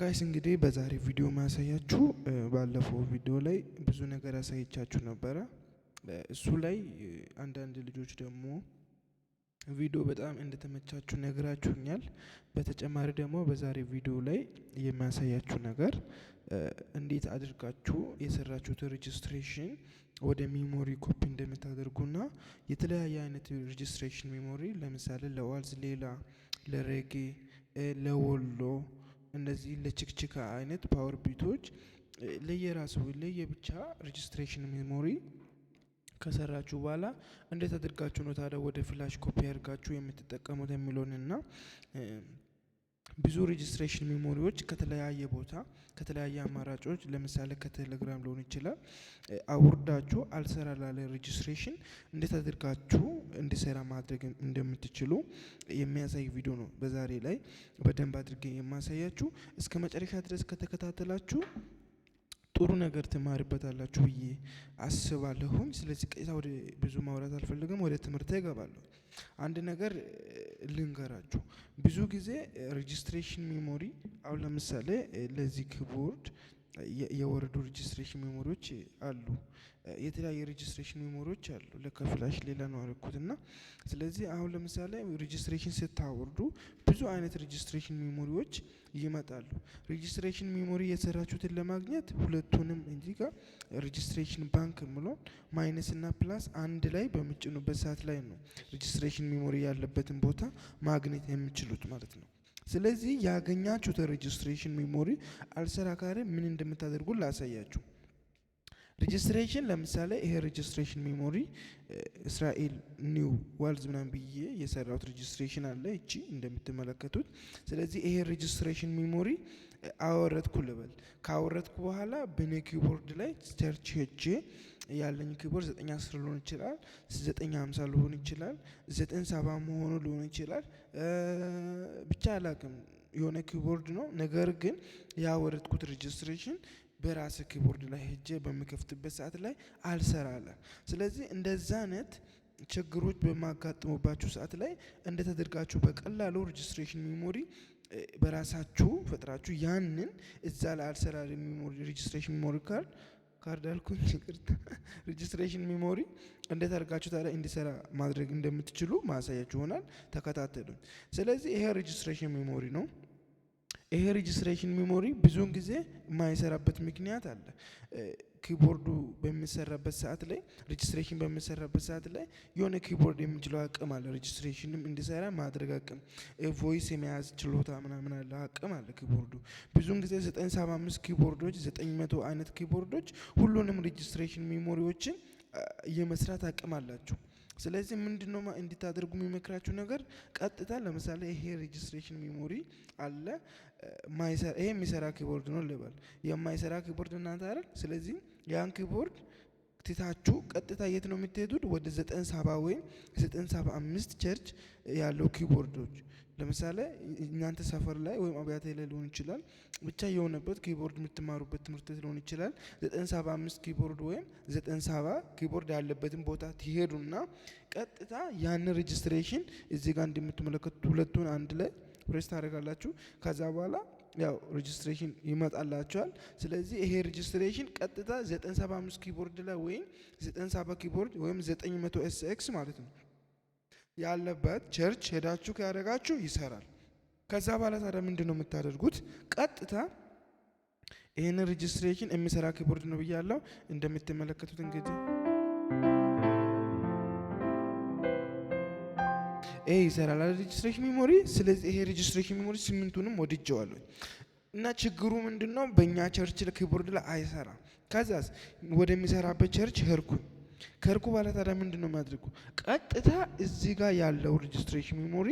ጋይስ እንግዲህ በዛሬ ቪዲዮ ማያሳያችሁ ባለፈው ቪዲዮ ላይ ብዙ ነገር ያሳየቻችሁ ነበረ። እሱ ላይ አንዳንድ ልጆች ደግሞ ቪዲዮ በጣም እንደተመቻችሁ ነግራችሁኛል። በተጨማሪ ደግሞ በዛሬ ቪዲዮ ላይ የሚያሳያችሁ ነገር እንዴት አድርጋችሁ የሰራችሁት ሬጅስትሬሽን ወደ ሜሞሪ ኮፒ እንደምታደርጉና የተለያየ አይነት ሬጅስትሬሽን ሜሞሪ ለምሳሌ ለዋልዝ ሌላ፣ ለሬጌ፣ ለወሎ እነዚህ ለችክችካ አይነት ፓወር ቢቶች ለየራሱ ለየብቻ ሬጅስትሬሽን ሜሞሪ ከሰራችሁ በኋላ እንዴት አድርጋችሁ ነው ታዲያ ወደ ፍላሽ ኮፒ አድርጋችሁ የምትጠቀሙት የሚለውን እና ብዙ ሬጅስትሬሽን ሜሞሪዎች ከተለያየ ቦታ ከተለያየ አማራጮች ለምሳሌ ከቴሌግራም ሊሆን ይችላል አውርዳችሁ አልሰራ ላለ ሬጅስትሬሽን እንዴት አድርጋችሁ እንዲሰራ ማድረግ እንደምትችሉ የሚያሳይ ቪዲዮ ነው በዛሬ ላይ በደንብ አድርገ የማሳያችሁ። እስከ መጨረሻ ድረስ ከተከታተላችሁ ጥሩ ነገር ትማርበታላችሁ ብዬ አስባለሁም። ስለዚህ ቀጥታ ወደ ብዙ ማውራት አልፈልግም፣ ወደ ትምህርት ይገባለሁ። አንድ ነገር ልንገራችሁ። ብዙ ጊዜ ሬጅስትሬሽን ሜሞሪ አሁን ለምሳሌ ለዚህ ኪቦርድ የወረዱ ሬጅስትሬሽን ሜሞሪዎች አሉ። የተለያየ ሬጅስትሬሽን ሜሞሪዎች አሉ። ለከፍላሽ ሌላ ነው አልኩት እና ስለዚህ አሁን ለምሳሌ ሬጅስትሬሽን ስታወርዱ ብዙ አይነት ሬጅስትሬሽን ሜሞሪዎች ይመጣሉ። ሬጅስትሬሽን ሜሞሪ የሰራችሁትን ለማግኘት ሁለቱንም እዚህ ጋር ሬጅስትሬሽን ባንክ ምሎን ማይነስ እና ፕላስ አንድ ላይ በምጭኑበት ሰዓት ላይ ነው ሬጅስትሬሽን ሜሞሪ ያለበትን ቦታ ማግኘት የምችሉት ማለት ነው። ስለዚህ ያገኛችሁት ሬጅስትሬሽን ሜሞሪ አልሰራ ካለ ምን እንደምታደርጉ ላሳያችሁ። ሬጅስትሬሽን ለምሳሌ ይሄ ሬጅስትሬሽን ሜሞሪ እስራኤል ኒው ዋልዝ ምናምን ብዬ የሰራሁት ሬጅስትሬሽን አለ እቺ እንደምትመለከቱት። ስለዚህ ይሄ ሬጅስትሬሽን ሜሞሪ አወረድኩ ልበል። ካወረድኩ በኋላ በእኔ ኪቦርድ ላይ ሰርች ሄጄ ያለኝ ኪቦርድ ዘጠኝ አስር ሊሆን ይችላል፣ ዘጠኝ ሀምሳ ሊሆን ይችላል፣ ዘጠኝ ሰባ መሆኑ ሊሆን ይችላል። ብቻ አላቅም የሆነ ኪቦርድ ነው። ነገር ግን ያወረድኩት ሬጅስትሬሽን በራስ ኪቦርድ ላይ ሄጄ በሚከፍትበት ሰዓት ላይ አልሰራለ። ስለዚህ እንደዛ አይነት ችግሮች በማጋጥሙባችሁ ሰዓት ላይ እንደተደርጋችሁ በቀላሉ ሬጅስትሬሽን ሚሞሪ በራሳችሁ ፈጥራችሁ ያንን እዛ ለአልሰራር ሬጅስትሬሽን ሜሞሪ ካርድ ካርድ አልኩኝ፣ ይቅርታ ሬጅስትሬሽን ሜሞሪ እንዴት አድርጋችሁ ታዲያ እንዲሰራ ማድረግ እንደምትችሉ ማሳያችሁ ይሆናል። ተከታተሉኝ። ስለዚህ ይሄ ሬጅስትሬሽን ሜሞሪ ነው። ይሄ ሬጅስትሬሽን ሜሞሪ ብዙውን ጊዜ የማይሰራበት ምክንያት አለ። ኪቦርዱ በሚሰራበት ሰዓት ላይ ሬጅስትሬሽን በሚሰራበት ሰዓት ላይ የሆነ ኪቦርድ የምንችለው አቅም አለ። ሬጅስትሬሽንም እንዲሰራ ማድረግ አቅም፣ ቮይስ የመያዝ ችሎታ ምናምን አለ አቅም አለ ኪቦርዱ። ብዙን ጊዜ 975 ኪቦርዶች 900 አይነት ኪቦርዶች ሁሉንም ሬጅስትሬሽን ሜሞሪዎችን የመስራት አቅም አላቸው። ስለዚህ ምንድነው እንድታደርጉ የሚመክራችሁ ነገር ቀጥታ ለምሳሌ ይሄ ሬጅስትሬሽን ሜሞሪ አለ ይሄ የሚሰራ ኪቦርድ ነው ልበል። የማይሰራ ኪቦርድ እናንተ አይደል? ስለዚህ ያን ኪቦርድ ትታችሁ ቀጥታ የት ነው የምትሄዱት? ወደ 970 ወይም 975 ቸርች ያለው ኪቦርዶች ለምሳሌ እናንተ ሰፈር ላይ ወይም አብያተ ላይ ሊሆን ይችላል። ብቻ የሆነበት ኪቦርድ የምትማሩበት ትምህርት ሊሆን ይችላል። 975 ኪቦርድ ወይም 970 ኪቦርድ ያለበትን ቦታ ትሄዱና ቀጥታ ያን ሬጅስትሬሽን እዚህ ጋር እንደምትመለከቱት ሁለቱን አንድ ላይ ፕሬስ ታደርጋላችሁ። ከዛ በኋላ ያው ሬጅስትሬሽን ይመጣላቸዋል። ስለዚህ ይሄ ሬጅስትሬሽን ቀጥታ 975 ኪቦርድ ላይ ወይም 970 ኪቦርድ ወይም 900 ኤስኤክስ ማለት ነው ያለበት ቸርች ሄዳችሁ ካደረጋችሁ ይሰራል። ከዛ በኋላ ታዲያ ምንድን ነው የምታደርጉት? ቀጥታ ይህንን ሬጅስትሬሽን የሚሰራ ኪቦርድ ነው ብያለው። እንደምትመለከቱት እንግዲህ ይሰራል ሬጅስትሬሽን ሜሞሪ። ስለዚህ ይሄ ሬጅስትሬሽን ሜሞሪ ስምንቱንም ወድጀዋለሁ እና ችግሩ ምንድን ነው? በእኛ ቸርች ኪቦርድ ላይ አይሰራም። ከዛስ ወደሚሰራበት ቸርች ሄድኩ። ከርኩ ባለ ታዲያ ምንድን ነው ቀጥታ እዚህ ጋር ያለው ሬጅስትሬሽን ሜሞሪ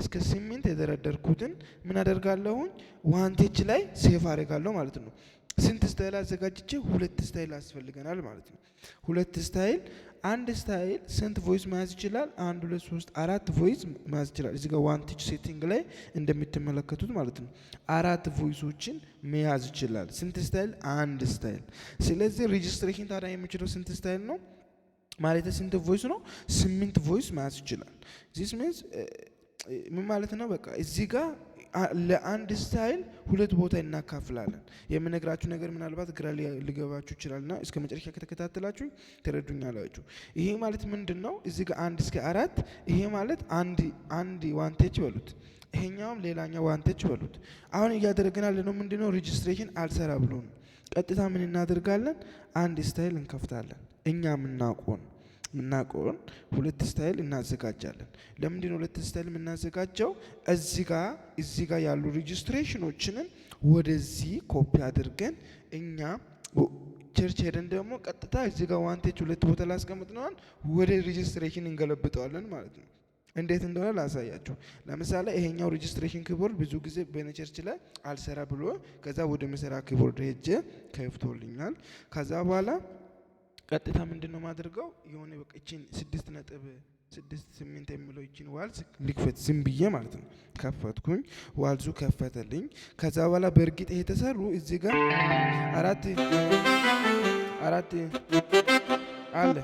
እስከ ስምንት የደረደርኩትን ምን አደርጋለሁኝ? ዋንቴች ላይ ሴፍ አደርጋለሁ ማለት ነው። ስንት ስታይል አዘጋጅቼ? ሁለት ስታይል አስፈልገናል ማለት ነው። ሁለት ስታይል አንድ ስታይል ስንት ቮይስ መያዝ ይችላል? አንድ ሁለት ሶስት አራት ቮይስ መያዝ ይችላል። እዚህ ጋር ዋን ቲች ሴቲንግ ላይ እንደምትመለከቱት ማለት ነው አራት ቮይሶችን መያዝ ይችላል። ስንት ስታይል? አንድ ስታይል። ስለዚህ ሬጅስትሬሽን ታዲያ የሚችለው ስንት ስታይል ነው ማለት ስንት ቮይስ ነው? ስምንት ቮይስ መያዝ ይችላል። ዚስ ሚንስ ምን ማለት ነው? በቃ እዚህ ጋር ለአንድ ስታይል ሁለት ቦታ እናካፍላለን። የምነግራችሁ ነገር ምናልባት ግራ ሊገባችሁ ይችላልና እስከ መጨረሻ ከተከታተላችሁ ትረዱኛላችሁ። ይሄ ማለት ምንድን ነው? እዚህ ጋር አንድ እስከ አራት ይሄ ማለት አንድ አንድ ዋንቴች በሉት፣ ይሄኛውም ሌላኛው ዋንቴች በሉት። አሁን እያደረግን ነው ምንድን ነው? ሬጅስትሬሽን አልሰራ ብሎን ቀጥታ ምን እናደርጋለን? አንድ ስታይል እንከፍታለን። እኛ የምናውቀውን የምናውቀውን ሁለት ስታይል እናዘጋጃለን። ለምንድን ሁለት ስታይል የምናዘጋጀው? እዚ ጋ እዚ ጋ ያሉ ሬጅስትሬሽኖችንን ወደዚህ ኮፒ አድርገን እኛ ቸርች ሄደን ደግሞ ቀጥታ እዚ ጋ ዋንቴጅ ሁለት ቦታ ላይ አስቀምጥነዋል፣ ወደ ሬጅስትሬሽን እንገለብጠዋለን ማለት ነው። እንዴት እንደሆነ ላሳያችሁ። ለምሳሌ ይሄኛው ሬጅስትሬሽን ኪቦርድ ብዙ ጊዜ በነቸርች ላይ አልሰራ ብሎ ከዛ ወደ መሰራ ኪቦርድ ሄጄ ከፍቶልኛል። ከዛ በኋላ ቀጥታ ምንድን ነው ማድርገው የሆነ በቃ እችን ስድስት ነጥብ ስድስት ስምንት የሚለው እችን ዋልዝ ልክፈት ዝም ብዬ ማለት ነው። ከፈትኩኝ፣ ዋልዙ ከፈተልኝ። ከዛ በኋላ በእርግጥ ተሰሩ እዚህ ጋር አራት አራት አለ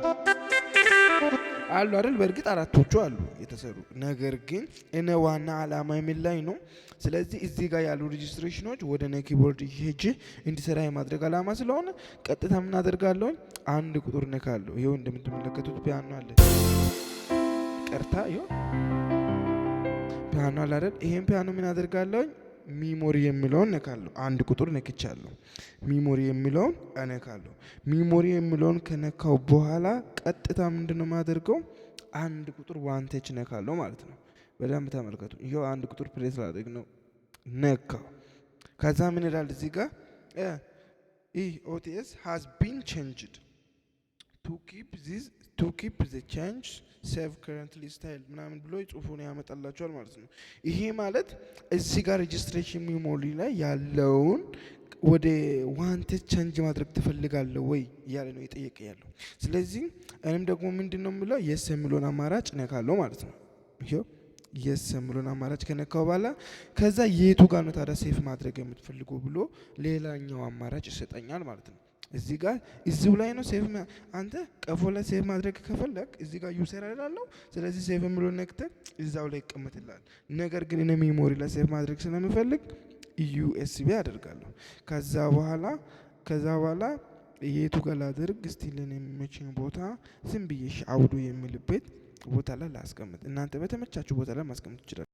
አሉ አይደል? በእርግጥ አራቶቹ አሉ የተሰሩ። ነገር ግን እነ ዋና አላማ የሚል ላይ ነው። ስለዚህ እዚህ ጋር ያሉ ሬጅስትሬሽኖች ወደ ነ ኪቦርድ ሄጅ እንዲሰራ የማድረግ አላማ ስለሆነ ቀጥታ ምን አንድ ቁጥር ነካለሁ። ይሄው እንደምትመለከቱት ፒያኖ አለ። ቀርታ ይሄው ፒያኖ አለ አይደል? ይሄን ፒያኖ ምን አደርጋለሁ? ሚሞሪ የሚለውን ነካለሁ። አንድ ቁጥር ነክቻለሁ። ሚሞሪ የሚለውን እነካለሁ። ሚሞሪ የሚለውን ከነካው በኋላ ቀጥታ ምንድን ነው የማደርገው? አንድ ቁጥር ዋንቴች ነካለሁ ማለት ነው። በደንብ ተመልከቱ። ይኸው አንድ ቁጥር ፕሬስ ላደግ ነው ነካው። ከዛ ምን ይላል እዚህ ጋር ይህ ኦቲኤስ ሃዝ ቢን ቼንጅድ ቱ ኪፕ ዘ ቼንጅ ሴቭ ከረንትሊ ስታይል ምናምን ብሎ ጽሁፉን ያመጣላቸዋል ማለት ነው። ይሄ ማለት እዚህ ጋር ሬጅስትሬሽን ሚሞሪ ላይ ያለውን ወደ ዋንቴድ ቼንጅ ማድረግ ትፈልጋለሁ ወይ እያለ ነው የጠየቀ ያለው። ስለዚህ እኔም ደግሞ ምንድን ነው የምለው የስ የሚለውን አማራጭ ነካለው ማለት ነው። የስ የሚለውን አማራጭ ከነካው በኋላ ከዛ የቱ ጋር ነው ታዲያ ሴፍ ማድረግ የምትፈልገው ብሎ ሌላኛው አማራጭ ይሰጠኛል ማለት ነው። እዚህ ጋር እዚሁ ላይ ነው ሴቭ። አንተ ቀፎ ላይ ሴቭ ማድረግ ከፈለግ እዚህ ጋር ዩሰር አይደላለሁ። ስለዚህ ሴቭ ብሎ ነክተ እዛው ላይ ይቀመጥላል። ነገር ግን እኔ ሜሞሪ ላይ ሴቭ ማድረግ ስለምፈልግ ዩኤስቢ አደርጋለሁ። ከዛ በኋላ ከዛ በኋላ የቱ ጋር ላደርግ እስቲ ልን የሚመችኝ ቦታ ዝም ብዬ ሻውዱ የምልበት ቦታ ላይ ላስቀምጥ። እናንተ በተመቻችሁ ቦታ ላይ ማስቀምጥ ይችላል።